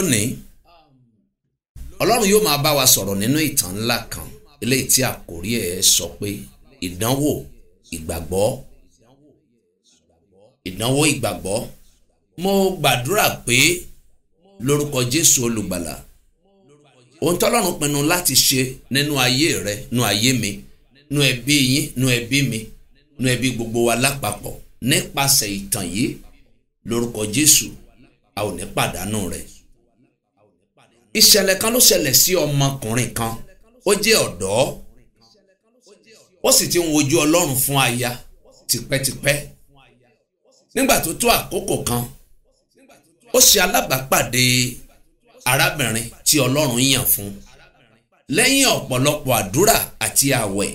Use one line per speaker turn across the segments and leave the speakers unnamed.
lónìí ọlọ́run yóò máa bá wa sọ̀rọ̀ nínú ìtàn ńlá kan eléyìí tí àkórí ẹ̀ sọ pé ìdánwò ìgbàgbọ́ ìdánwò ìgbàgbọ́ mo gbàdúrà pé lórúkọ Jésù olùgbàlà ohun tọ́lọ́run pinnu láti ṣe nínú ayé rẹ nínú ayé mi nínú ẹbí yín nínú ẹbí mi nínú ẹbí gbogbo wa lápapọ̀ nípasẹ̀ ìtàn yìí lórúkọ Jésù a ò ní pàdánù rẹ̀ ìṣẹ̀lẹ̀ kan ló ṣẹlẹ̀ sí ọmọkùnrin kan ó jẹ́ ọ̀dọ́ ó sì ti ń wojú ọlọ́run fún aya tipẹ́tipẹ́ nígbà tó tó àkókò kan ó ṣe alábàápàdé arábìnrin tí ọlọ́run yàn fún lẹ́yìn ọ̀pọ̀lọpọ̀ àdúrà àti àwẹ̀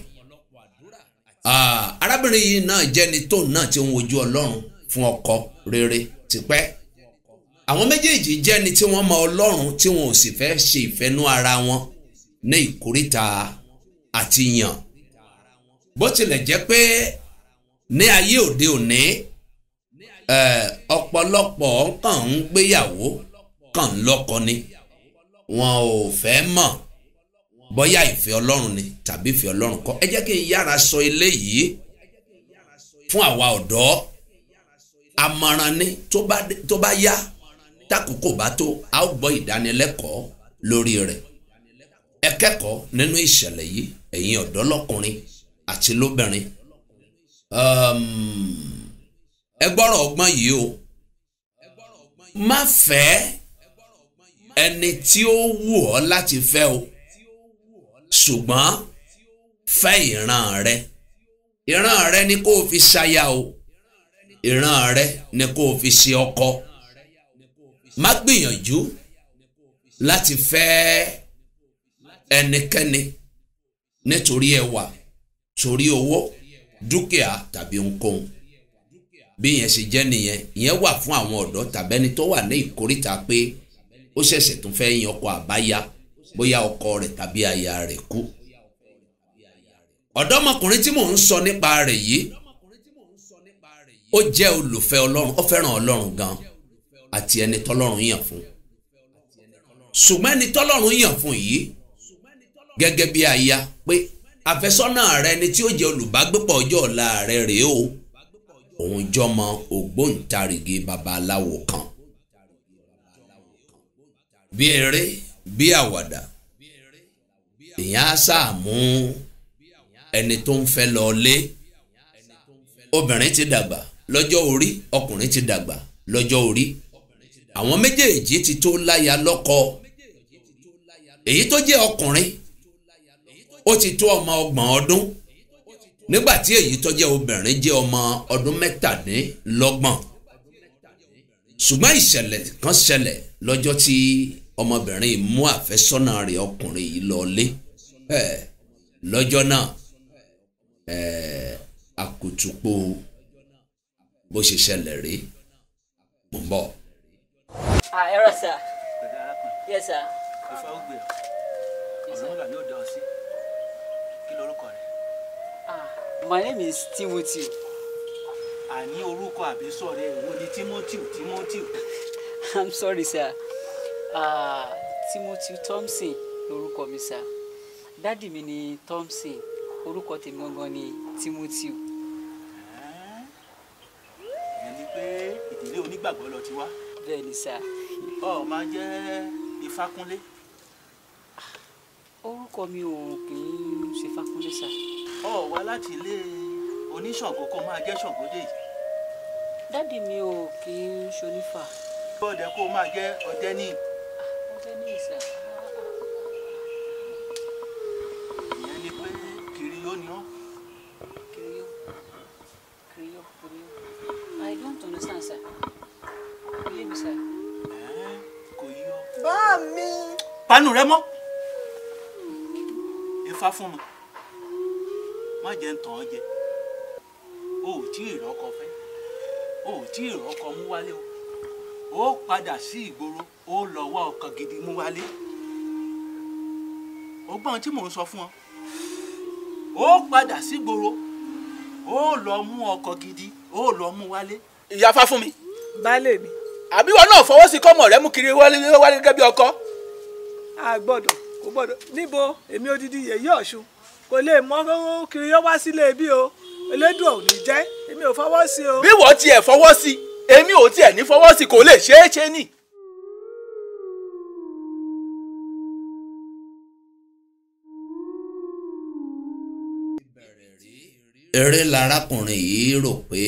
arábìnrin yìí náà jẹ́ni tóun náà ti ń wojú ọlọ́run fún ọkọ rere tipẹ́ àwọn méjèèjì jẹ́ ẹni tí wọ́n mọ ọlọ́run tí wọn ò sì fẹ́ ṣe ìfẹ́nú ara wọn ní ìkórìtà àti yàn bó tilẹ̀ jẹ́ pé ní ayé òde òní ọ̀pọ̀lọpọ̀ kàn ń gbéyàwó kàn ń lọ́kọ ni wọn ò fẹ́ mọ̀ bóyá ìfẹ́ ọlọ́run ni tàbí ìfẹ́ ọlọ́run kọ́ ẹ jẹ́ kí n yára sọ eléyìí fún àwa ọ̀dọ́ àmọ̀ràn ni tó bá yá tákòókò bá tó a ó gbọ́ ìdánilẹ́kọ̀ọ́ lórí rẹ̀ ẹ kẹ́kọ̀ọ́ nínú ìṣẹ̀lẹ̀ yìí ẹ̀yin ọ̀dọ́ lọ́kùnrin àti lóbìnrin ẹ gbọ́rọ̀ ọgbọ́n yìí o má fẹ́ ẹni tí ó wù ọ́ láti fẹ́ o ṣùgbọ́n fẹ́ ìran rẹ ìran rẹ ni kó o fi ṣaya o ìran rẹ ni kó o fi ṣe ọkọ má gbìyànjú láti fẹ́ ẹnikẹ́ni nítorí ẹwà torí owó dúkìá tàbí ohunkóhun bí yẹn ṣe jẹ́ nìyẹn ìyẹn wà fún àwọn ọ̀dọ́ tàbí ẹni tó wà ní ìkórìtà pé ó ṣẹ̀ṣẹ̀ tún fẹ́ yan ọkọ àbáyá bóyá ọkọ rẹ̀ tàbí aya rẹ̀ kú. ọ̀dọ́mọkùnrin tí mò ń sọ nípa rẹ̀ yìí ó jẹ́ olùfẹ́ ọlọ́run ó fẹ́ràn ọlọ́run gan-an àti ẹni tọ́lọ́run yàn fún ṣùgbọ́n ẹni tọ́lọ́run yàn fún yìí gẹ́gẹ́ bí aya pé àfẹ́sọ́nà rẹ ni tí ó jẹ́ olùbágbépọ̀ ọjọ́ ọ̀la rẹ rèé o òun jọmọ ògbóǹtarìgì babaláwo kan bí eré bí àwàdà èèyàn á sáà ẹni tó ń fẹ́ lọ lé obìnrin ti dàgbà lọ́jọ́ orí ọkùnrin ti dàgbà lọ́jọ́ orí àwọn méjèèjì ti tó láya lọ́kọ èyí tó jẹ́ ọkùnrin ó ti tó ọmọ ọgbọ̀n ọdún nígbà tí èyí tó jẹ́ obìnrin jẹ́ ọmọ ọdún mẹ́tàdínlọ́gbọ̀n ṣùgbọ́n ìṣẹ̀lẹ̀ kan ṣẹlẹ̀ lọ́jọ́ tí ọmọbìnrin mú àfẹ́sọ́nà rẹ̀ ọkùnrin yìí lọ́lé lọ́jọ́ náà àkùtùpọ̀ bó ṣe ṣẹlẹ̀ rí mò ń
ah ẹ rọ yes sir. ìfẹ́ ó gbé ọ ọ̀rọ̀ nígbà ah my name is Timothy. àní orúkọ àbísọ̀ rẹ èwo ni Timothy Timothy. i'm sorry sir uh, Timothy Thompson lorúkọ mi sir Daddy, mi ni Thompson orúkọ tèmi gangan ni Timothy.
ẹni pé ìdílé onígbàgbọ́ ló ti wá. bẹ́ẹ̀ ni sir ọ máa jẹ́ ìfákúnlé. orúkọ mi ò kì í ṣe fákúnlé sá. ọ wá láti ilé oníṣàngó kó máa jẹ́ ṣàngódé yìí. dádì mi ò kì í ṣonífà. bọ́ọ̀dẹ kó máa jẹ́ ọdẹ níyì. Ah, ọdẹ níyì sá.
bàbá mi.
panu rẹ mọ ifá fún mi má jẹ ń tàn ọ jẹ o ò tí ì rọkọ fẹ o ò tí ì rọkọ mú wálé o ó padà sí ìgboro ó lọ wá ọkọ gidi mú wálé o gbọ́n tí mò ń sọ fún ọ ó padà sí ìgboro ó lọ mú ọkọ gidi ó lọ mú wálé. ìyá fá fún mi. baálé mi àbí wọn náà fọwọ́ sí kọ́mọ rẹ mú kiri wálé wálé gẹ́gẹ́ bí ọkọ. a gbọ́dọ̀ kò gbọ́dọ̀ níbo èmi odidi yèyí ọ̀ṣun kò lè mọ kiri yọ wá sílé bí o elédùn ò ní jẹ́ èmi ò fọwọ́ sí o. bí wọ́n tiẹ̀ fọwọ́ sí èmi ò tiẹ̀ ní fọwọ́ sí kò lè ṣeé ṣe ni.
eré larákùnrin yìí rò pé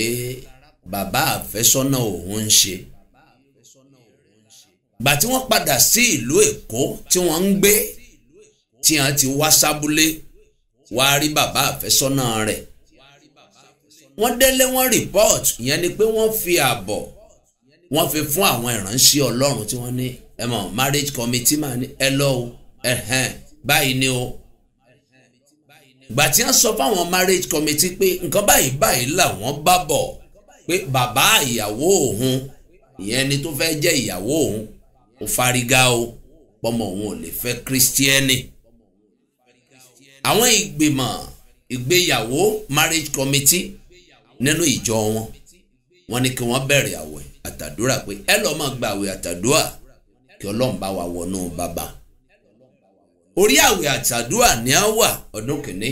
bàbá àfẹ́sọ́nà òun ń ṣe gbà tí wọ́n padà sí ìlú Èkó tí wọ́n ń gbé tí wọ́n ti wá sábúlé wá rí bàbá àfẹ́sọ́nà rẹ̀ wọ́n délé wọ́n rìpọ́ọ̀tù ìyẹn ni pé wọ́n fi àbọ̀ wọ́n fi fún àwọn ìránṣẹ́ Ọlọ́run tí wọ́n ní ẹ mọ̀ marriage committee máa ní ẹ lọ ẹ̀hẹ́n báyìí ni o gbà tí wọ́n sọ fáwọn marriage committee pé nǹkan báyìí báyìí làwọn bá bọ̀ pé bàbá ìyàwó òun ìyẹn ni tó fẹ́ jẹ́ ìyàwó òun ó fárígá o pọ́mọ òun ò lè fẹ́ kírísítíẹ́nì. àwọn ìgbìmọ̀ ìgbéyàwó marriage committee nínú ìjọ wọn wọ́n ní kí wọ́n bẹ̀rẹ̀ àwẹ̀ àtàdúrà pé ẹ lọ́ọ́ máa gba àwẹ̀ àtàdúrà kí ọlọ́run bá wa wọnú bàbá. orí àwẹ̀ àtàdúrà ni a wà ọdún kìíní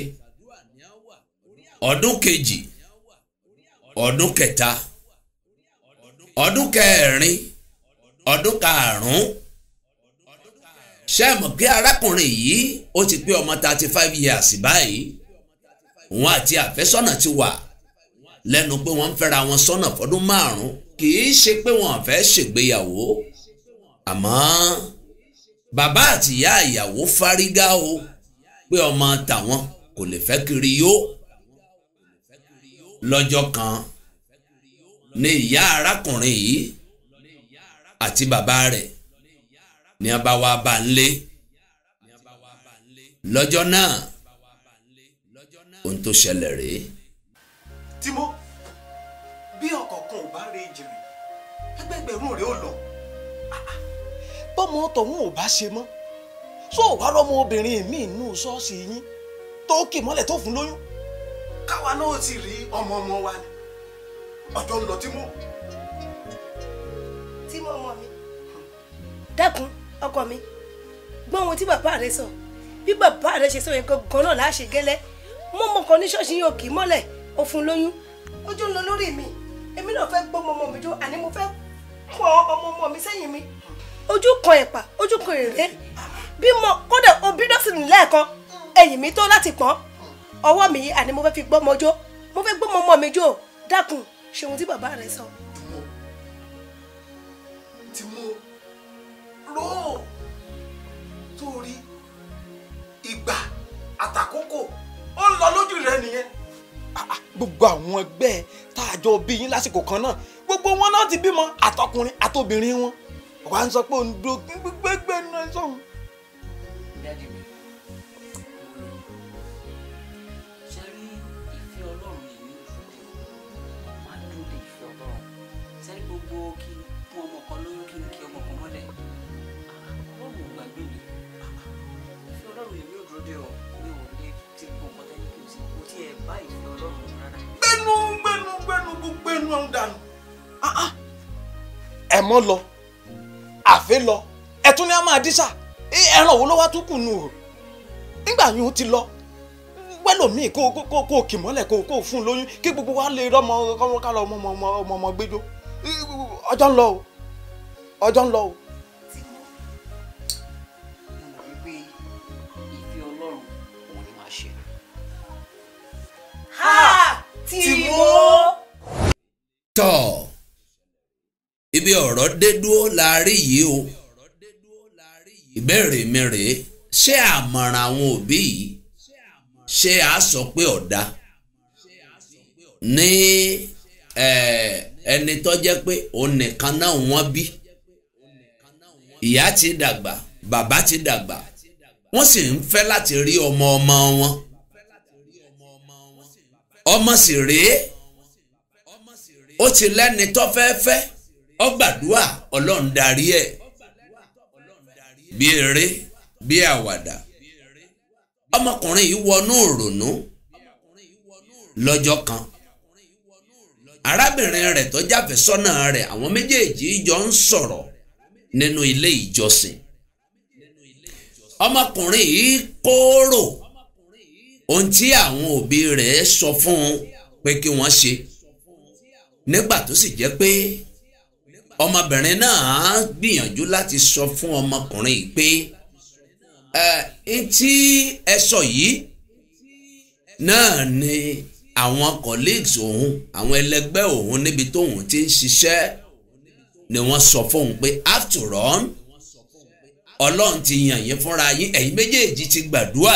ọdún kejì ọdún kẹta ọdún kẹrin ọdún karùn-ún ṣé mọ̀ pé arákùnrin yìí ó ti pé ọmọ thirty five years báyìí òun àti àfẹ́sọ́nà ti wà lẹ́nu pé wọ́n ń fẹ́ra wọn sọ́nà fọdún márùn-ún kì í ṣe pé wọ́n fẹ́ ṣègbéyàwó àmọ́ bàbá àtìyá ìyàwó fárígá o pé ọmọ tàwọn kò lè fẹ́ kiri yó lọ́jọ́ kan ní ìyá arákùnrin yìí àti bàbá rẹ̀ ní a bá wá bá lọ́jọ́ náà ohun tó ṣẹlẹ̀ rèé.
timo bí ọkọ̀ kan ò bá re jìnrìn ẹgbẹgbẹ̀rún rẹ̀ ó lọ bọ́mọ tọ̀hún ò bá ṣe mọ́ sọ wàá rọ́mọ obìnrin mi nù ṣọ́ọ̀ṣì yín tó kì mọ́lẹ̀ tó fún lóyún. káwa náà ti rí ọmọ ọmọ wa ni ọjọ́ ń lọ tí sí mọ́ ọmọ mi
dákun ọkọ mi gbọ́ ohun tí bàbá rẹ sọ bí bàbá rẹ ṣe sọ yẹn gangan náà láṣẹ gẹ́lẹ́ mọ́ ọmọ kan ní ṣọ́ọ̀ṣì yóò kì í mọ́lẹ̀ ó fún lóyún ojú ń lọ lórí mi èmi náà fẹ́ gbọ́ ọmọ mi jó àní mo fẹ́ pọ̀ ọmọ ọmọ mi sẹ́yìn mi ojú kan ẹ̀pà ojú kan èrè bí mo kódà obì náà sì ní lẹ́ẹ̀kan ẹ̀yìn mi tó láti pọ́n ọwọ́ mi yìí àní mo fẹ́ fi gbọ́ ọmọ jó mo fẹ́ gbọ́ ọmọ mi jó dákun ṣe ohun tí bàbá
rẹ sọ tí mo lò ó torí ìgbà àtàkókò ó lọ lójú rẹ nìyẹn. Ah, ah, gbogbo àwọn ẹgbẹ́ tá a jọ bí yín lásìkò kan náà gbogbo wọn náà ti bímọ àtọkùnrin àtobìnrin wọn wà á sọ pé òun dúró kí nínú ẹ sọhùn.
dáàdi ọmọ kan ló ń kí n kí ọmọ kan mọ́lẹ̀ ah, ọlọ́run ò gbàgbé mi ah, ìfẹ́ ọlọ́run èmi ò dúró dé ọ mi ò lè ti gbọ́ nǹkan tẹ́lẹ̀ kí n sì kó tí ẹ bá ìfẹ́ ọlọ́run rárá.
gbẹnu gbẹnu gbẹnu gbogbo ẹnu ọ̀hún dànù ah, ẹ mọ́ lọ àfẹ́ lọ ẹ tún ní a máa dísà ẹran wo ló wá tún kù nù o nígbà yìí ó ti lọ wẹ́lòmíì kó kó kó kì mọ́lẹ̀ kó kó fún un lóyún kí gbogbo wa lè rọ́mọ ọmọ ká lọ ọmọ ọmọ ọmọ gbẹjọ ọjọ́ ń lọ o ọjọ́ ń lọ o. tìmọ́.
tọ́ ibi ọ̀rọ̀ dé dúró la rí yìí o ìbéèrè mi rèé ṣé àmọ̀ràn àwọn òbí yìí ṣé a sọ pé ọ̀dà ní ẹni tó jẹ́ pé òun nìkan náà wọ́n bí. ìyá ti dàgbà bàbá ti dàgbà wọn sì ń fẹ́ láti rí ọmọ ọmọ wọn ọmọ sì rèé ó ti lẹni tó fẹ́ fẹ́ ó gbàdúrà ọlọ́run darí ẹ̀ bí eré bí àwàdà ọmọkùnrin yìí wọnú ìrònú lọ́jọ́ kan arábìnrin rẹ̀ tó jáfẹ́sọ́nà rẹ̀ àwọn méjèèjì jọ ń sọ̀rọ̀ nínú ilé ìjọsìn ọmọkùnrin yìí kóró ohun tí àwọn òbí rẹ̀ sọ fún un pé kí wọ́n ṣe nígbà tó sì jẹ́ pé ọmọbìnrin náà gbìyànjú láti sọ fún ọmọkùnrin yìí pé ẹ tí ẹ sọ yìí náà ni àwọn colleagues òun àwọn ẹlẹgbẹ́ òun níbi tóun ti ń ṣiṣẹ́ ni wọ́n sọ fóun pé after all ọlọ́run ti yàn yín fúnra yín ẹ̀yin méjèèjì ti gbàdúrà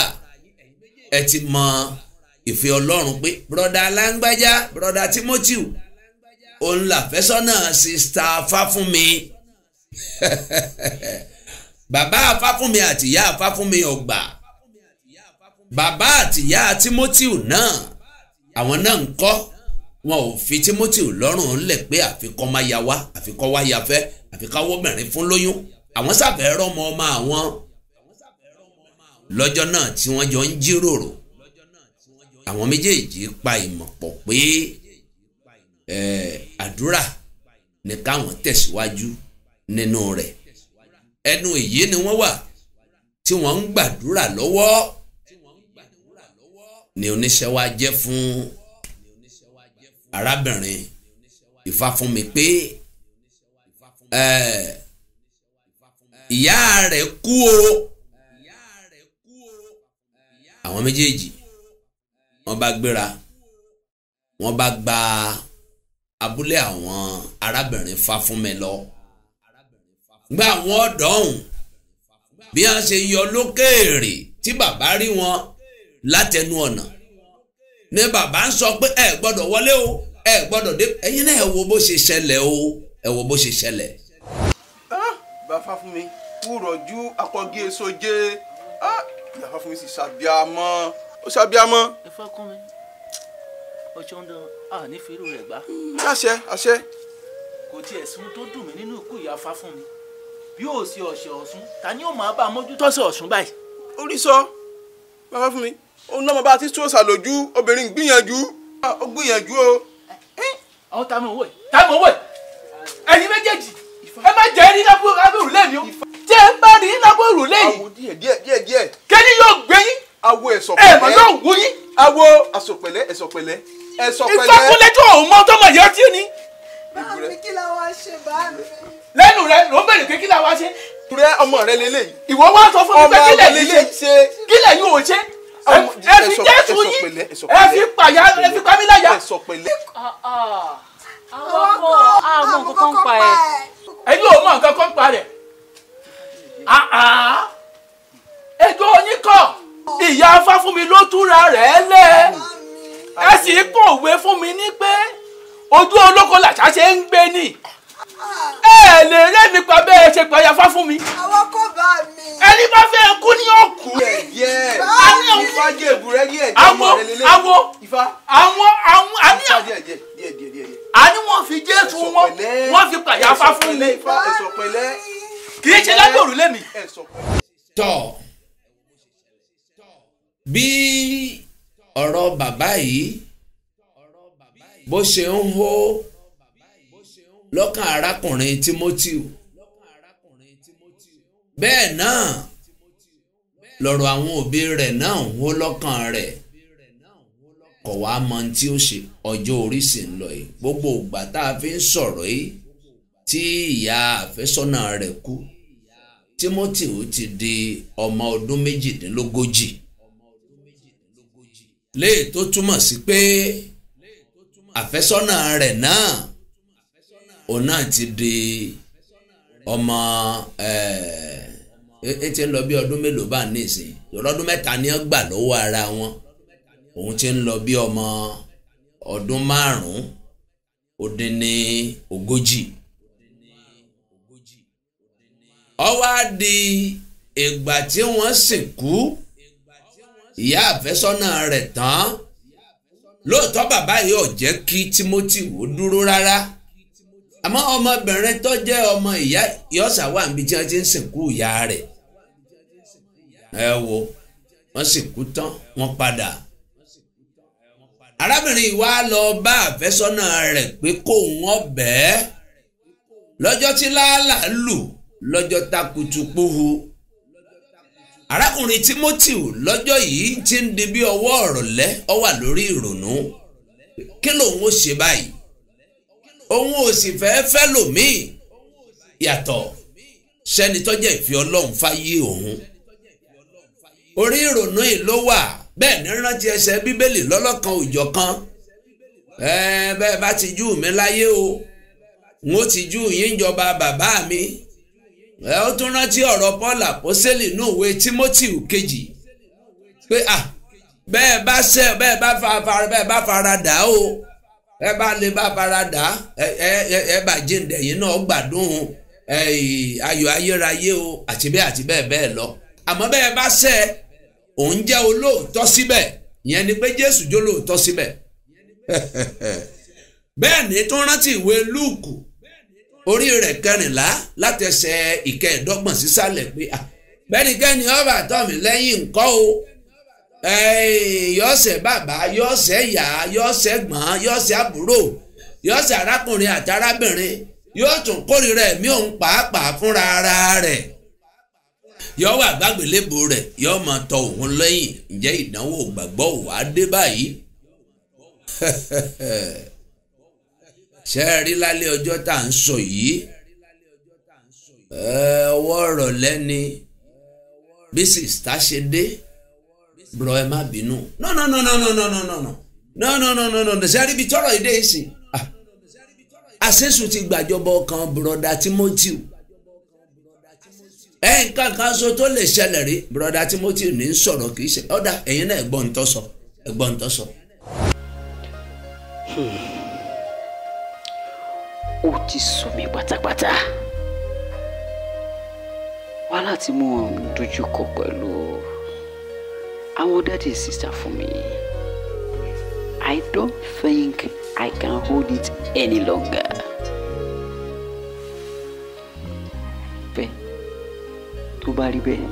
ẹ ti mọ ìfẹ́ ọlọ́run pé broda alágbájá broda timothy òun làfẹ́sọ́nà sista fáfúnmi bàbá fáfúnmi àtìyá fáfúnmi ọgbà bàbá àtìyá timothy náà àwọn náà ń kọ́ wọn ò fi Timothy lọ́rùn ńlẹ̀ pé àfikọ́ máa ya wá àfikọ́ wá ya fẹ́ àfikáwọ́ mẹ́rin fún lóyún àwọn sàfẹ́ rọ́mọ ọmọ àwọn lọ́jọ́ náà tí wọ́n jọ ń jíròrò àwọn méjèèjì pa ìmọ̀ pọ̀ pé àdúrà ni káwọn tẹ̀síwájú nínú rẹ̀ ẹnu èyí ni wọ́n wà tí wọ́n ń gbàdúrà lọ́wọ́ ni oníṣẹ́ wa jẹ́ fún arábìnrin ìfà fún mi pé ìyá
rẹ̀ kú o
àwọn méjèèjì wọ́n bá gbéra wọ́n bá gba abúlé àwọn arábìnrin fáfúnmi lọ gba àwọn ọ̀dọ́ ọ̀hún bí wọ́n ṣe yọ lókèèrè tí bàbá rí wọn látẹnu ọ̀nà ni bàbá ń sọ pé ẹ gbọ́dọ̀ wọlé o ẹ gbọ́dọ̀ dé ẹ̀yin náà ẹ wo bó ṣe ṣẹlẹ̀ o ẹ wo bó ṣe ṣẹlẹ̀.
bàfá fún mi kúrọ̀jú akọ́gí èso jẹ́ bàfá fún mi sì ṣàbíamọ́ ó ṣàbíamọ́. ẹ fọ́ kún mi ọjọ́ ń dán a ní fèrè rẹ̀ gbá. Hmm, àṣẹ àṣẹ. kò tiẹ̀ sún tó dùn mí nínú ikú ìyá fa fún mi bí ó sì ọ̀sẹ̀ ọ̀sùn ta ni ó máa bá a mójútó ọ̀sẹ̀ ọ̀sùn báyìí. orí sọ bàbá fún mi òun náà mo bá ti tó ṣàlòjú obìnrin gbìyànjú ó gbìyànjú o àwọn tá a mọ̀ owó yìí tá a mọ̀ owó yìí ẹ̀yin méjèèjì ẹ má jẹ́ ní lábú abẹ́rù lẹ́mi o jẹ́ ẹ bá ní lábú òrù lẹ́yìn. awo díẹ̀ díẹ̀ díẹ̀ díẹ̀. kẹ́ni yóò gbé yín. awo ẹ̀sọ̀ pẹ̀lẹ́ ẹ̀ mọ̀ yóò wú yín. awo àsọpẹ̀lẹ́ ẹ̀sọ̀ pẹ̀lẹ́ ẹ̀sọ̀ pẹ̀lẹ́. ìsọkúnlẹ́jọ́ òun mọ́ tọ́mọ̀ yẹn tí ó ní.
báàmì kí la wá ṣe báàmì.
lẹ́nu rẹ ló bèrè pé kí la wá ṣe. rẹ ọmọ rẹ lélẹ́yìí. ìwọ wá sọ fún mi pé kílẹ̀ yìí ṣe kílẹ̀ yìí ṣe ẹ fi jésù yín ẹ fi pàyà ẹ fi pamíláyà. àwọn ọkọ àmọ́ nǹkan kan pa ẹ. ẹyin ò mọ nǹkan kan pa rẹ ẹjọ́ yín kọ́ ìyá afá fún mi ló túra rẹ̀ lẹ̀ ẹ sì kọ̀wé fún mi ní pé ojú olóko làṣà ṣe ń gbé ni ẹ lè rẹ́mi pa bẹ́ẹ̀ ṣe pàyà afá fún mi. àwọn bàbá mi. ẹni bá fẹ́ kú ni ó kú. àwọn ifá jẹ ìbúrẹ́ ní ẹ̀jẹ̀ ọmọ rẹ lélẹ̀. àwọn àwọn àwọn àníyàn. àní wọ́n fi jésù wọn wọ́n fi pàjáfà fún mi. kì í ṣe lábẹ́ òrùlé mi. tọ́
bí ọ̀rọ̀ bàbá yìí bó ṣe ń hó lọ́kàn arákùnrin Timothy bẹ́ẹ̀ náà lọ̀rọ̀ àwọn òbí rẹ̀ náà ń hó lọ́kàn rẹ̀ kọ̀ wá mọ tí ó ṣe ọjọ́ orí sì ń lọ yìí gbogbo ìgbà tá a fi ń sọ̀rọ̀ yìí tí ìyá àfẹ́sọ́nà rẹ̀ kú Timothy ó ti di ọmọ ọdún méjìdínlógójì léè tó túmọ̀ sí pé àfẹ́sọ́nà rẹ̀ náà òun náà ti di ọmọ ẹ̀ẹ́. Eh, e ti ń lọ bí ọdún mélòó bá ní ìsìn lọ́dún mẹ́ta ni wọ́n gbà lọ́wọ́ ara wọn òun ti ń lọ bí ọmọ ọdún márùn-ún ó dín ní ogójì ó wá di ìgbà tí wọ́n sìnkú ìyá àfẹ́sọ́nà rẹ̀ tán lóòótọ́ bàbá yìí ò jẹ́ kí Timothy ó dúró rárá àmọ́ ọmọbìnrin tó jẹ́ ọmọ ìyá yọ̀ọ̀sà wà níbi tí wọ́n ti ń sìnkú ìyá rẹ̀ ẹ wo wọ́n sì tán wọ́n padà arábìnrin wa lọ bá àfẹ́sọ́nà rẹ̀ pé kó wọ́n bẹ́ẹ̀ lọ́jọ́ tí làálàá lù lọ́jọ́ takutu puhu arákùnrin Timothy lọ́jọ́ yìí ti ń di bí ọwọ́ ọ̀rọ̀lẹ́ ó wà lórí ìrònú kí lòun ó ṣe báyìí òun ò sì fẹ́ fẹ́ lòmíì yàtọ̀ sẹ́ni tó jẹ́ ìfẹ́ ọlọ́run fáyé òun orí ìrònú yìí ló wà bẹ́ẹ̀ ní rántí ẹsẹ̀ bíbélì lọ́lọ́kan òjọ̀ kan ẹ̀ẹ́ bẹ́ẹ̀ bá ti jú mi láyé o n ti jú yín jọba bàbá mi ẹ ó tún rántí ọ̀rọ̀ Paul àpọ́sẹ́lì inú ìwé Timothy kejì pé bẹ́ẹ̀ bá fara dà o ẹ bá lè bá fara dà ẹ ẹ ẹ bá jíǹde yìí náà gbádùn ayọ̀ ayérayé o àti bẹ́ẹ̀ àti bẹ́ẹ̀ bẹ́ẹ̀ lọ àmọ́ bẹ́ẹ̀ bá sẹ́ òun jẹ́ olóòótọ́ síbẹ̀ ìyẹn ni pé Jésù jẹ́ olóòótọ́ síbẹ̀ bẹ́ẹ̀ ni tó rántí ìwé Lúùkù orí rẹ̀ kẹrìnlá látẹsẹ̀ ìkẹẹ̀dọ́gbọ̀n sísàlẹ̀ pé bẹ́ẹ̀ ni kẹ́ni ọba àtọ́ mi lẹ́yìn nǹkan o. yọọsẹ bàbá yọọsẹ yá yọọsẹ gbọ́n yọọsẹ àbúrò yọọsẹ arákùnrin àti arábìnrin yóò tún kórìíra ẹ̀mí òun pàápàá fúnra ara rẹ̀ yọ̀ọ́ wà gbàgbélébùú rẹ̀ yọ̀ọ́ máa tọ òun lẹ́yìn ǹjẹ́ ìdánwò gbàgbọ́ wà á dé báyìí ṣe é rí lálẹ́ ọjọ́ tá à ń sọ yìí ọwọ́ ọ̀rọ̀ lẹ́ni bí sìstá ṣe dé. bro ẹ má bínú no no no no no no no no no no no no no no sẹ́rí ibi tọ́rọ̀ ìdè ìsìn ah. àṣẹ́sù ti gbàjọba ọkàn broda Timothy ẹ nǹkan kan so tó lè ṣẹlẹ̀ rí broda Timothy ní sọ̀rọ̀ kì í ṣe ọ̀dà ẹ̀yin náà ẹ̀gbọ́n ń tọ́sọ
ẹ̀gbọ́n ń tọ́sọ. O hmm. ti sú mi pátápátá wàhálà tí mo dojú kọ pẹ̀lú older than sister for me. I don't think I can hold it any longer. Bẹ́ẹ̀ tó bá rí bẹ́ẹ̀,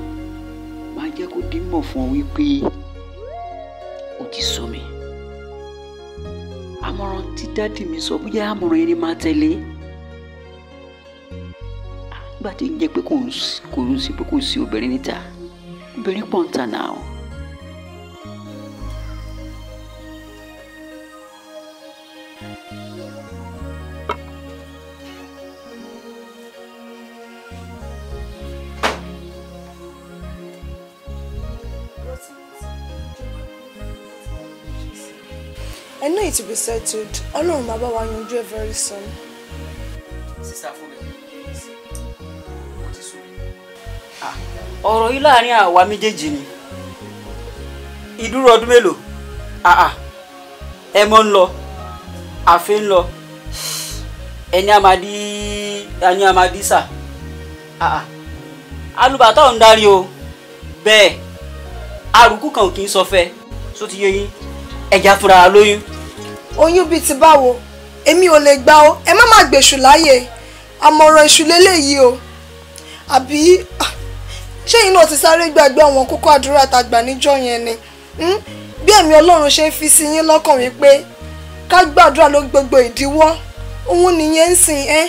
máa jẹ́ kó dín mọ̀ fún ọ wípé o ti sọ mi. Àmọ̀ràn tí dádì mi sọ bóyá àmọ̀ràn yẹn ni máa tẹ̀lé. Àgbà tí ń jẹ́ pé kò ń sí pé kò sí obìnrin níta, obìnrin pọ̀ ń ta náà.
to be settled ọlọ́run bàbá wa yanjú ẹ̀ very soon.
sísá fún mi mo ti sùn. Ah, ọ̀rọ̀ yìí láàrin àwa méjèèjì ni ìdúró ọdún mélòó ah, ah. ẹ mọ́ ń lọ àfin ń lọ ẹni amadi ẹni amadi sà alùbàtà ò ń darí o bẹ́ẹ̀ arùkù kan kì í sọ fẹ́ só ti fúnra lóyún oyún bíi ti báwo èmi ò lè gbà ó ẹ má
má gbèṣù láàyè àmọ̀ràn èṣù lélẹ́yìí o àbí ah, ṣé yìí náà ti sáré gbàgbé àwọn kókó àdúrà tàgbà níjọ yẹn ni hmm? bí ẹ̀mí ọlọ́run ṣe ń fi sí yín lọ́kàn wípé ká gbàdúrà ló gbogbo ìdíwọ́ òun nìyẹn ń sìn ẹ́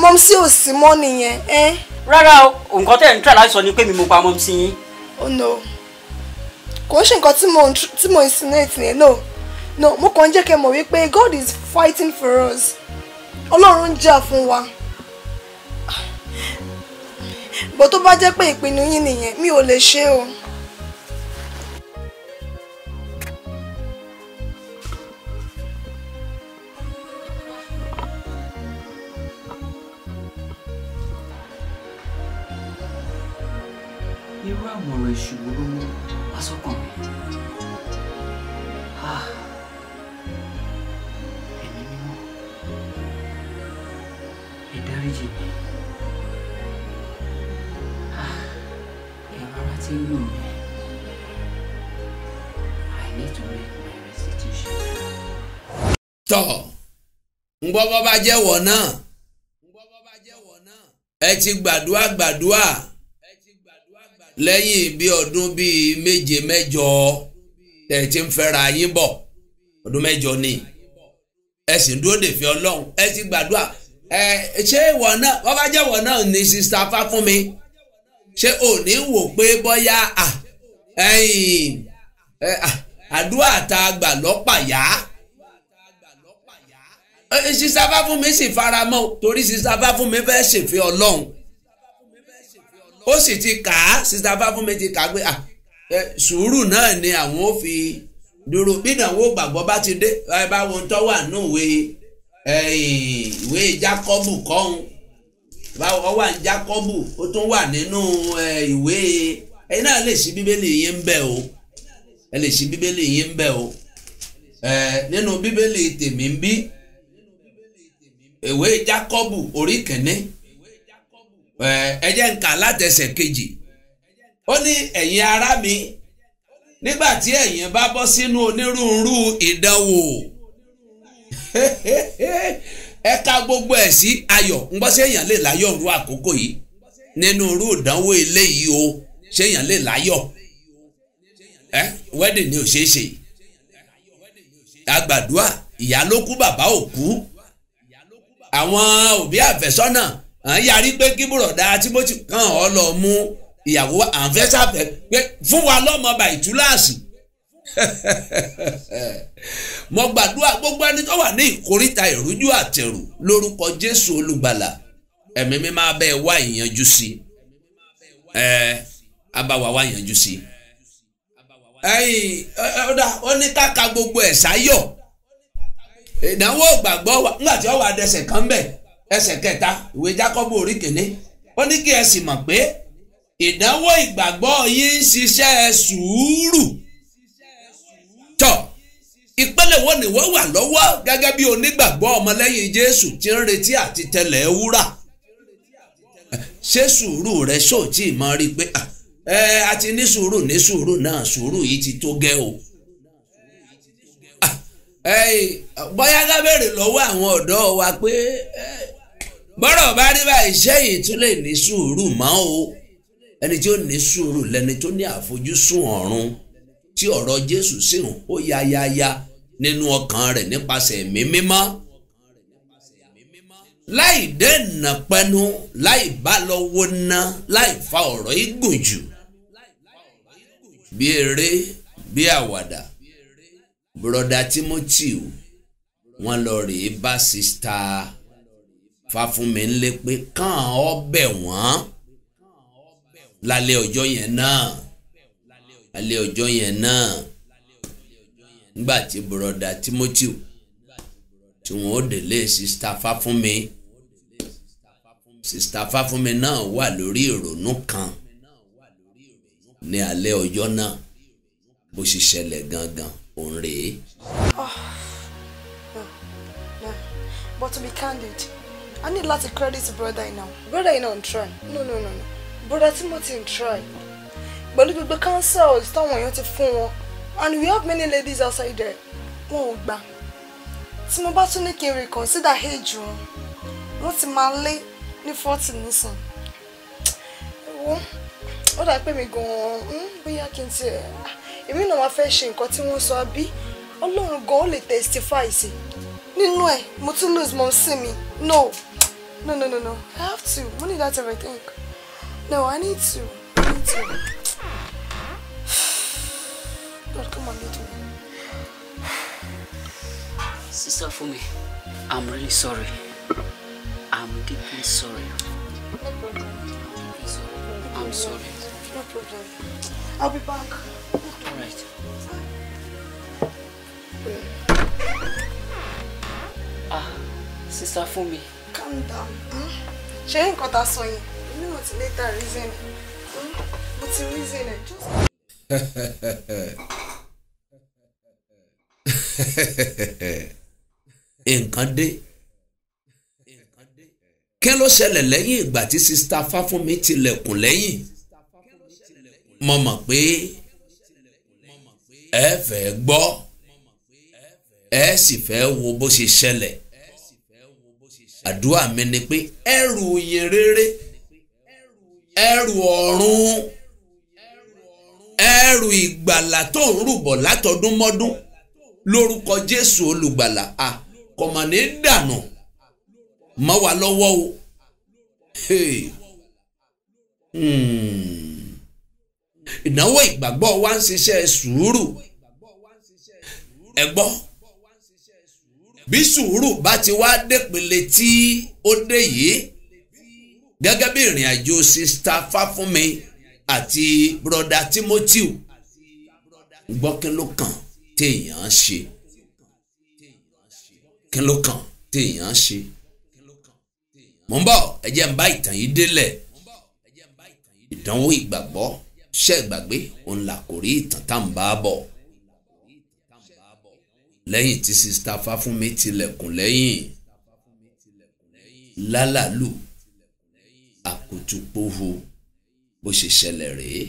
mọ́mísí ò sí mọ́ nìyẹn ẹ́.
rárá o nǹkan tẹ́ ẹ̀ ń tà láti sọ ni pé mi mo pa mọ́mísí yín. oh no
kò ń ṣe nǹkan tí mò ń sinate yẹn No no mo kàn jẹ́ kẹ́ mọ̀ wípé God is fighting for us ọlọ́run ń jà fún wa bó tó bá jẹ́ pé ìpinnu yín nìyẹn mi ò lè ṣe o.
irú àmọ̀ràn ìṣubú ló mú wá sọ́kàn dáríjì mi ah, ìyàwó ara ti ń lò mí I need to make my restitution. tọ́ ń gbọ́ bọ́
bá jẹ́wọ́ náà ẹ ti gbàdúrà gbàdúrà lẹ́yìn bí ọdún bíi méje mẹ́jọ ẹ ti ń fẹ́ra yín bọ̀ ọdún mẹ́jọ ni ẹ sì ń dúró dèfẹ́ ọlọ́run ẹ ti gbàdúrà ẹ ṣé ìwọ náà wọ́n bá jẹ́ ìwọ náà ní sista Fáfúnmi ṣé ò ní wò pé bóyá àdúrà tá a gbà lọ́pàyà sista Fáfúnmi sì fara mọ́ torí sista Fáfúnmi fẹ́ ṣèfẹ́ Ọlọ́run ó sì ti kà á sista Fáfúnmi ti kà á pé sùúrù náà ni àwọn ò fi dúró bí ìdánwò gbàgbọ́ bá ti dé ẹ bá wo ń tọ́ wà nùwèé ìwé Jákọ́bù kọ́hún ọ wà ní Jákọ́bù ó tún wà nínú ìwé ẹ̀yin náà lè ṣí bíbélì yín ń bẹ̀ o ẹ lè ṣí bíbélì yín ń bẹ̀ o nínú bíbélì tèmi ń bí ìwé Jákọ́bù orí kìíní ẹ jẹ́ n kà látẹsẹ̀ kejì ó ní ẹ̀yin ará mi nígbà tí ẹ̀yin bá bọ́ sínú onírúurú ìdánwò ẹ ká gbogbo ẹ̀ sí ayọ̀ ń gbọ́ sẹ́yìn lè láyọ̀ ru àkókò yìí nínú irú ìdánwò eléyìí o sẹ́yìn lè láyọ̀ ẹ wedding ni ò ṣeé ṣe àgbàdua ìyá ló kú bàbá ò kú àwọn òbí àfẹ́sọ́nà à ń yarí pé kí bùrọ̀dá Timothy kàn ọ́ lọ mú ìyàwó à pé fún wa lọ́mọ bàìtúláàsì mo gbàdúrà gbogbo ẹni tó wà ní ìrújú lórúkọ Jésù olùgbàlà mi máa wá ìyanjú sí ẹ abáwa wá ìyanjú sí. gbogbo ẹ̀ sáyọ̀ ìdánwò gbàgbọ́ wa tí ó wà dẹsẹ̀ kan bẹ̀ ẹsẹ̀ kẹta ìwé Jákọ́bù ó ní kí ẹ sì mọ̀ ìpele wo ni wọ́n wà lọ́wọ́ gẹ́gẹ́ bí onígbàgbọ́ ọmọlẹ́yìn Jésù tí ń retí àti tẹlẹ̀ wúrà ṣé sùúrù rẹ ṣó tí ì máa rí i pé ẹ a ti ní sùúrù ní sùúrù náà sùúrù yìí ti tó gẹ́ o bóyá ká béèrè lọ́wọ́ àwọn ọ̀dọ́ wa pé bọ́rọ̀ bá rí báyìí sẹ́yìn tún lè ní sùúrù mọ́ o ẹni tí ó ní sùúrù lẹni tó ní àfojúsùn ọ̀run tí ọ̀rọ̀ Jésù sì ń hó yayaya nínú ọkàn rẹ̀ nípasẹ̀ ẹ̀mí mímọ́ láì dẹ́nà pẹnu láì bá lọ́wọ́ ná láì fa ọ̀rọ̀ igun jù bí eré bí àwàdà broda Timothy wọ́n lọ rèé bá sista Fáfúnmi ńlẹ pé kàn ọ́ bẹ̀ wọ́n lálẹ́ ọjọ́ yẹn náà alẹ́ ọjọ́ yẹn náà nígbà tí bùrọ̀dà Timothy tí wọ́n délé sista Fáfúnmi sista Fáfúnmi náà wà lórí ìrònú kan ní alẹ́ ọjọ́ náà bó ṣe ṣẹlẹ̀ gangan òun rèé.
Ah, ah, ah. But to be candid, I need láti credit brother in now brother in now n try no no no no brother Timothy n try pẹ̀lú gbogbo councils táwọn èèyàn ti fún wọn and we have many ladies outside there wọn ò gbà tí mo bá tún ní kí n reconsider age wọn wọn ti máa lé ní forty nísìn wọ́n ó dà pé mi gan-an hmm, bóyá kí n ti ah, èmi náà wá fẹ́ ṣe nǹkan tí wọ́n sọ àbí ọlọ́run gan ó lè testify sí nínú ẹ̀ mo tún lose mom sí mi no no no no no i have to mo need that everything no i need
to i need to. Come and me. Sister Fumi, I'm really sorry. I'm deeply sorry. No problem. I'm sorry. I'm sorry. No problem. I'll be back. All right. Ah, Sister Fumi.
Calm down. Ṣé nǹkan ta sọ yìí? Èmi náà ti later reason. Hmm? Mo ti reason
Just. nǹkan dé kí ló ṣẹlẹ̀ lẹ́yìn ìgbà tí sista Fáfúnmi tilẹ̀kùn lẹ́yìn mo mọ̀ pé ẹ fẹ́ gbọ́ ẹ sì fẹ́ wo bó ṣe ṣẹlẹ̀ àdúrà mi ni pé ẹrù yìn rere ẹrù ọ̀run ẹrù ìgbàlà tó ń rúbọ̀ látọdún mọ́dún lórúkọ jésù olùgbàlà à kọ̀mọ̀nì dànù mọ́ wa lọ́wọ́ o. Hmm. ìnáwó ìgbàgbọ́ wa ń ṣiṣẹ́ sùúrù ẹ gbọ́ bí sùúrù bá ti wá dépele tí ó dé yìí gẹ́gẹ́ bí ìrìn àjò sista fáfúnmi àti broda timothy gbọ́kínló kan téèyàn ṣe kí ló kàn téèyàn ṣe mò ń bọ̀ ẹ jẹ́ ń bá ìtàn yìí délẹ̀ ìdánwò ìgbàgbọ́ ṣẹ́ ìgbàgbé òun là kò rí ìtàn tá ń bá bọ̀ lẹ́yìn tí sista Fáfúnmi tilẹ̀kùn lẹ́yìn lálàlù àkùtùpóhu bó ṣe ṣẹlẹ̀ rèé.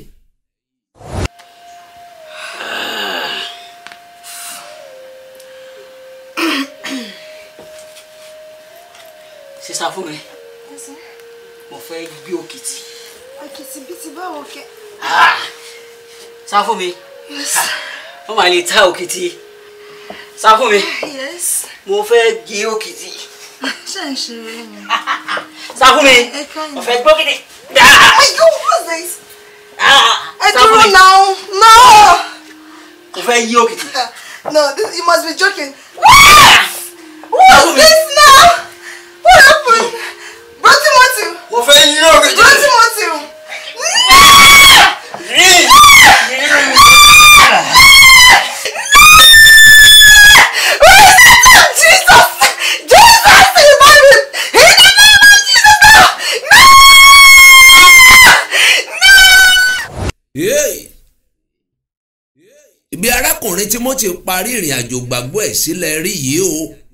sísá fún mi mo fẹ́ gbé òkìtì.
òkìtì bíi ti báwo kẹ.
Ah! sá fún mi wọ́n ah! máa lè ta òkìtì sá fún mi mo fẹ́ gbé òkìtì.
ṣé ń ṣe rẹ ni.
sá fún mi
mo fẹ́ gbé òkìtì. Ah!
ẹ dúró náà náà. mo fẹ́ yí òkìtì.
No, you must be joking.
What? is this
now? What happened? Brother Matthew. Mo fẹ́ yí ọ̀rẹ́ jẹ́. Brother Matthew.
Ibi arákùnrin Timothy parí ìrìn àjò gbàgbọ́ ẹ̀ sílẹ̀ rí yìí o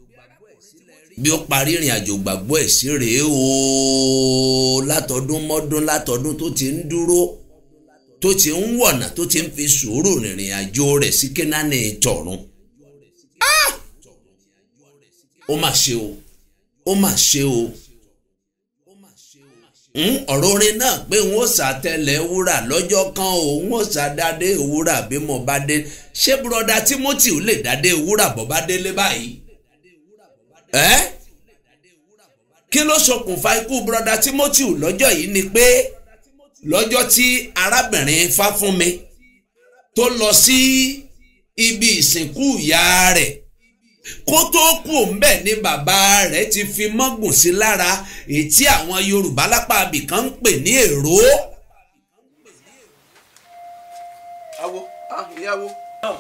bí ó parí ìrìn àjò gbàgbọ́ ẹ̀ sí rèé o látọdún mọ́dún látọdún tó ti ń dúró tó ti ń wọ̀nà tó ti ń fi sùúrù rìnrìn àjò rẹ̀ sí kínání tọ̀run. Ah! ó mà ṣe o ó mà ṣe o hmm, ọ̀rọ̀ orin náà pé n ó ṣàtẹlẹ̀ wúrà lọ́jọ́ kan o n ó ṣàdádé wúrà bí mo bá dé ṣé bùrọ̀dá Timothy lè dádé wúrà bọ́ bá délé báyìí ẹ́ kí ló ṣokùnfà ikú broda Timothy lọ́jọ́ yìí ni pé lọ́jọ́ tí arábìnrin Fáfúnmi tó lọ sí ibi ìsìnkú ìyá rẹ̀ kó tó kù ńbẹ̀ ni bàbá rẹ̀ ti fi mọ́gùn sí lára ètí àwọn Yorùbá lápá abìkan ń pè ní èrò.
awo ah ìyàwó. ọ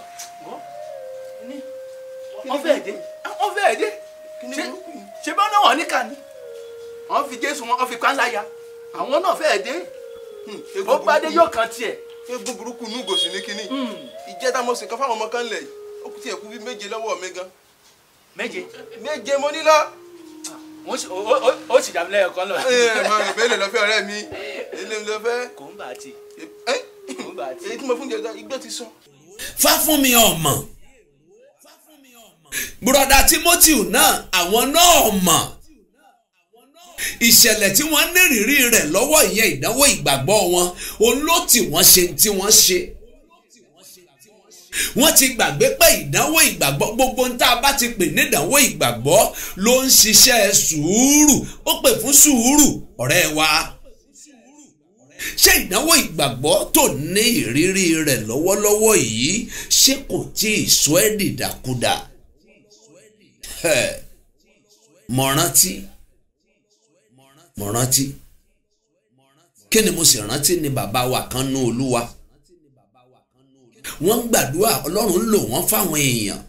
ọ fẹ́ẹ̀ dé ọ fẹ́ẹ̀ dé ṣe bá náà wọ́n ní kàní wọ́n fi jésù wọn fi kánlá ya àwọn náà fẹ́ẹ́ dé hmm, ó bá dé yóò kan tiẹ̀. egun burúkú nù gòsì ní kínní hmm. ìjẹta mo sì kan fáwọn ọmọ kan lẹ̀ ó kù tiẹ̀ kú bí méje lọ́wọ́ mi gan. méje méje mo ní lọ o sì dàbí lẹ́yìn kan lọ. ẹ máa rìn bẹ́ẹ̀ lọ fẹ́ ọ̀rẹ́ mi ilé mi lọ fẹ́. kò ń bà á ti. ẹ kò ń bà á ti. èyí tí mo fún jẹ igbó ti sọ.
fá ọmọ bùrọ̀dá Timothy náà àwọn náà mọ̀ ìṣẹ̀lẹ̀ tí wọ́n nírìírí rẹ̀ lọ́wọ́ ìyẹn ìdánwò ìgbàgbọ́ wọn òun ló ṣe tí wọ́n ṣe wọ́n ti gbàgbé pé ìdánwò ìgbàgbọ́ gbogbo ń tá a bá ti pè nídánwò ìgbàgbọ́ ló ń ṣiṣẹ́ sùúrù ó pè fún sùúrù ọ̀rẹ́ wa ṣé ìdánwò ìgbàgbọ́ tó ní ìrírí rẹ̀ lọ́wọ́lọ́wọ́ yìí ṣé kò tí ì sọ ẹ́ dìdàkudà mọ̀rántí mọ̀rántí kí ni mo sì rántí ni bàbá wa kan nú olúwa wọ́n ń gbàdúrà ọlọ́run ń lò wọ́n fáwọn èèyàn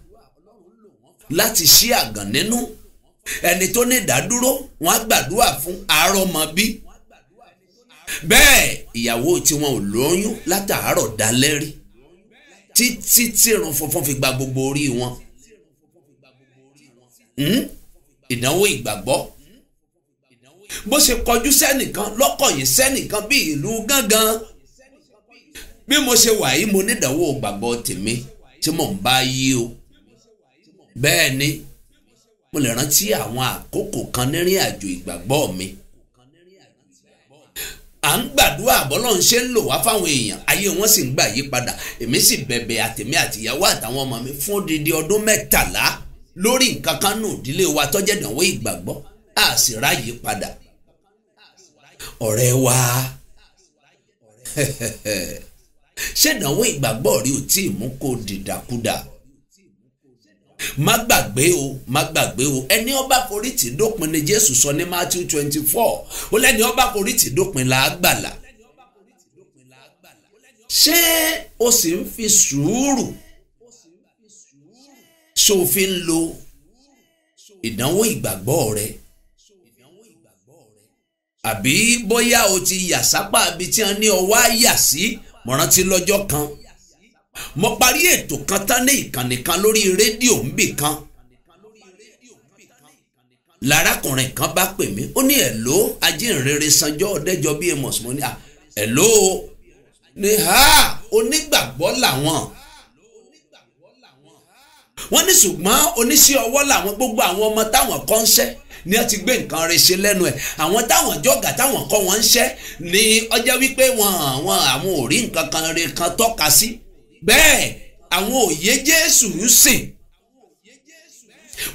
láti ṣí àgàn nínú ẹni tó ní ìdádúró wọ́n á gbàdúrà fún àárọ̀ mọ bí bẹ́ẹ̀ ìyàwó tiwọn ò lóyún látàárọ̀ dalẹ́ rí títí tí irun funfun fi gba gbogbo orí wọn. Hmm? ìdánwò ìgbàgbọ́ bó ṣe kọjú sẹ́nìkan lọ́kọ̀yìn sẹ́nìkan bí ìlú gángan bí mo ṣe wà yìí mo nídàwó gbàgbọ́ tèmi tí mò ń bá yí o bẹ́ẹ̀ ni mo lè rántí àwọn àkókò kan nírìn àjò ìgbàgbọ́ mi à ń gbàdúrà bọ́lọ́ ń ṣe ń lò wá fáwọn èèyàn ayé wọn sì ń gbà yí padà èmi sì bẹ̀bẹ̀ àtèmi àtìyàwó àtàwọn ọmọ mi fún odidi ọdún mẹ́tàlá lórí nǹkan kan nù ìdílé wa tọ́jẹ́ ìdánwò ìgbàgbọ́ a sì ráàyè padà ọ̀rẹ́ wa ṣé ìdánwò ìgbàgbọ́ rí o tí ì mú kó dìdàkudà má gbàgbé o má gbàgbé o ẹni ọba forí tì dópin ni Jésù sọ ní Matthew twenty four ó lẹ́ni ọba forí tì dópin là á gbàlà ṣé o sì ń fi sùúrù So o fi ń lo ìdánwò ìgbàgbọ́ rẹ àbí bóyá o ti yà sápá ibi tí wọ́n ní ọwọ́ á yà sí mo lọ́jọ́ kan mo parí ètò kan tán ní ìkànnì kan lórí rédíò ńbì kan lárakùnrin kan bá pè mí ó ní ẹ̀ló ajínrere sanjọ́ ọ̀dẹ́jọ́ bíi mọ̀sùmọ́ ní ẹ̀ló ni ha onígbàgbọ́ làwọn wọ́n ní ṣùgbọ́n oníṣẹ́ ọwọ́ làwọn gbogbo àwọn ọmọ táwọn kọ́ ń ṣẹ́ ni wọ́n ti gbé nǹkan rẹ̀ ṣe lẹ́nu ẹ̀ àwọn táwọn jọ̀gà táwọn kọ́ wọn ń ṣẹ́ ni ọjọ́ wípé wọn àwọn àwọn ò rí nǹkan kan rẹ̀ kan tọ́ka sí bẹ́ẹ̀ àwọn òye Jésù ń sìn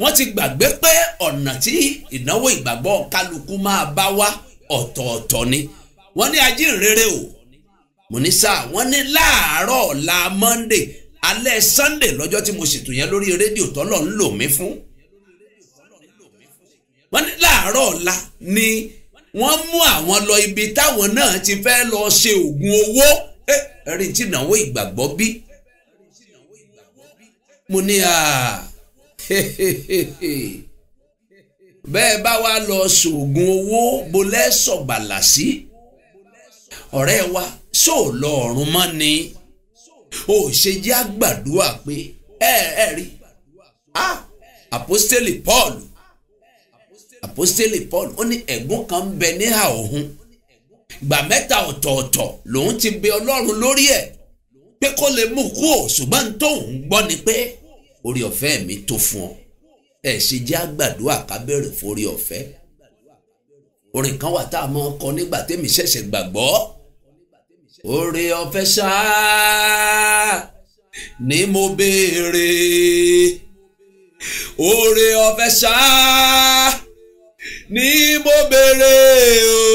wọ́n ti gbàgbé pé ọ̀nà tí ìnáwó ìgbàgbọ́ kálukú máa bá wá ọ̀tọ̀ọ̀tọ̀ ni wọ́n ní ajínrere o mo ní sáà wọ́n ní láàárọ̀ ọ̀la Monday alẹ́ Sunday lọ́jọ́ tí mo ṣètò yẹn lórí rédíò tọ́lọ̀ ń lò mí fún wọ́n ní láàárọ̀ ọ̀la ni wọ́n mú àwọn lọ ibi táwọn náà ti fẹ́ lọ ṣe oògùn owó ẹ̀rí tí ìnáwó ìgbàgbọ́ bí mo ní à bẹ́ẹ̀ bá wá lọ ṣoògùn owó bolẹ́ sí ọ̀rẹ́ wa ṣó lọ ọ̀run mọ́ ni ò ṣe jẹ́ àgbàdúrà pé ẹ ẹ rí àpọ́stélì Paul àpọ́stélì Paul ó ní ẹ̀gún kan ń bẹ níhà òun ìgbà mẹ́ta ọ̀tọ̀ọ̀tọ̀ lòun ti bẹ Ọlọ́run lórí ẹ̀ pé kó lè mú kú ò ṣùgbọ́n n tóun gbọ́ ni pé orí ọ̀fẹ́ mi tó fún ọ ẹ ṣe jẹ́ àgbàdúrà ká bẹ̀rẹ̀ fún orí ọ̀fẹ́ orin kan wà tá a máa kọ nígbà tẹ́mi ṣẹ̀ṣẹ̀ gbàgbọ́ oore ọ̀fẹ́ ṣá ni mo béèrè oore ọ̀fẹ́ ṣá ni mo béèrè o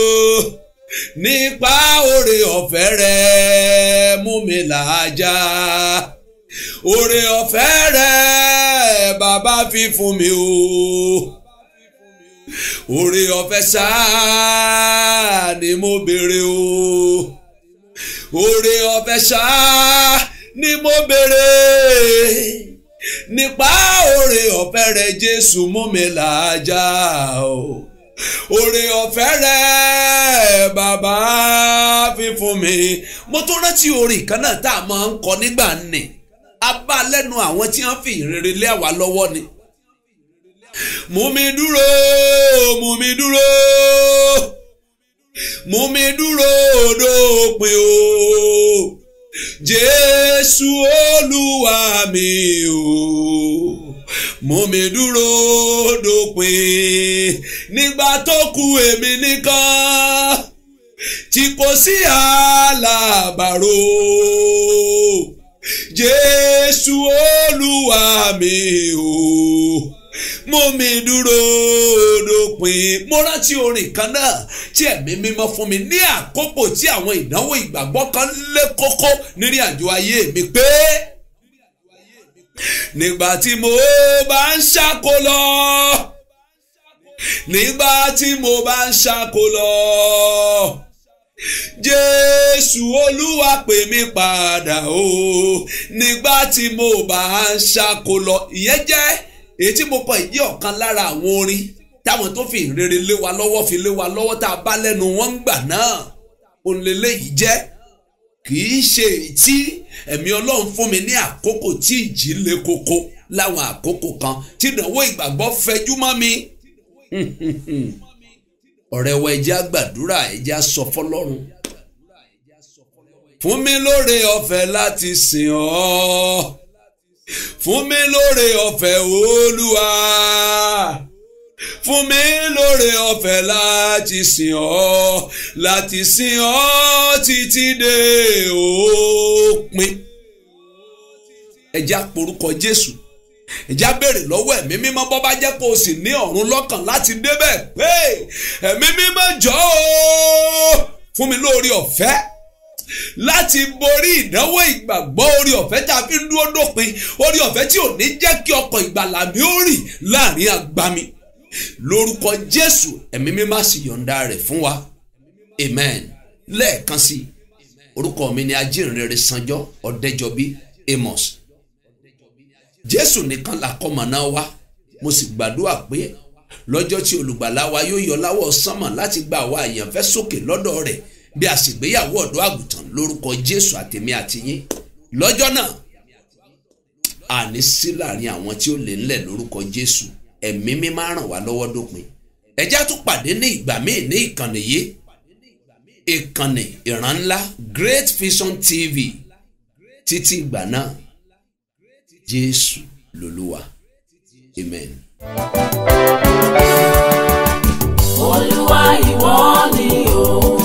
nípa oore ọ̀fẹ́ rẹ mú mi làájá oore ọ̀fẹ́ rẹ bàbá fi fún mi o oore ọ̀fẹ́ ṣá ni mo béèrè o oore ọ̀fẹ́ ṣáá ni mo béèrè nípa oore ọ̀fẹ́ rẹ Jésù mú mi làájá o oore ọ̀fẹ́ rẹ bàbá fífún mi mo tún rántí orin kan náà tá a máa ń kọ nígbà nì abá àwọn tí wọ́n fi ìrere lé àwa lọ́wọ́ ni mú mi dúró mú mi dúró mú mi dúró dópin o jésù olúwa mi o mú mi dúró dópin nígbà tó kù èmi nìkan tí kò sí alábàárò jésù olúwa mi o mú mi dúró dópin mo rántí orin kan náà tí ẹ̀mí mímọ́ fún mi ní àkókò tí àwọn ìdánwò ìgbàgbọ́ kan lé kókó nírí àjò ayé mi pé nígbà tí mo bá ń ṣàkó lọ nígbà tí mo bá ń ṣàkó lọ jésù olúwa pè mí padà o nígbà tí mo bá ń ṣàkólọ ìyẹn jẹ́ èyí tí mo kọ yìí jẹ́ ọ̀kan lára àwọn orin táwọn tó fi ìrere lé wa lọ́wọ́ fi lé wa lọ́wọ́ tá a bá lẹ́nu wọn ń gbà náà òun lélẹ́yìí jẹ́ kì í ṣe tí ẹ̀mí ọlọ́run fún mi ní àkókò tí ìjì le koko láwọn àkókò kan tí ìdánwò ìgbàgbọ́ fẹjú mọ́ mi. ọ̀rẹ́ wa ẹja gbàdúrà ẹja sọ fọlọ́run. fún mi lóore ọ̀fẹ́ láti sìn ọ́ fún mi lóore ọ̀fẹ́ olúwa fún mi lóore ọ̀fẹ́ láti sìn ọ́ láti sìn ọ́ títí dé òpin ẹ jẹ́ á porúkọ Jésù ẹ jẹ́ á béèrè lọ́wọ́ ẹ̀mí mímọ́ bọ́ bá jẹ́ kó o sì ní ọ̀run lọ́kàn láti débẹ̀ ẹ̀mí mímọ́ jọ̀ọ́ fún mi lóore ọ̀fẹ́ láti borí ìdánwò ìgbàgbọ́ orí ọ̀fẹ́ tá a fi ń dúró dópin orí ọ̀fẹ́ tí ò ní jẹ́ kí ọkọ̀ ìgbàlà mi ó rì láàrin agbami lórúkọ Jésù ẹ̀mí mímá sì yọ̀ǹda rẹ̀ fún wa amen lẹ́ẹ̀kan sí i orúkọ mi ni ajínrere sanjọ́ ọ̀dẹ́jọbí Amos Jésù nìkan làkọ́mọ̀nà wa mo sì gbàdúrà pé lọ́jọ́ tí olùgbàlà wa yóò yọ láwọ̀ sánmà láti gba àwa àyànfẹ́ sókè lọ́dọ̀ rẹ̀ bí a ṣègbéyàwó ọ̀dọ́ àgùntàn lórúkọ Jésù àtèmi àti yín lọ́jọ́ náà àní sí láàrin àwọn tí ó lè ńlẹ̀ lórúkọ Jésù ẹ̀mí mímá ràn wá lọ́wọ́ dópin ẹ jẹ́ á tún pàdé ní ìgbà míì ní ìkànnì yìí ìkànnì ìrànlá Great Vision TV títí ìgbà náà Jésù lolúwa amen.
Olúwa ìwọ ni o.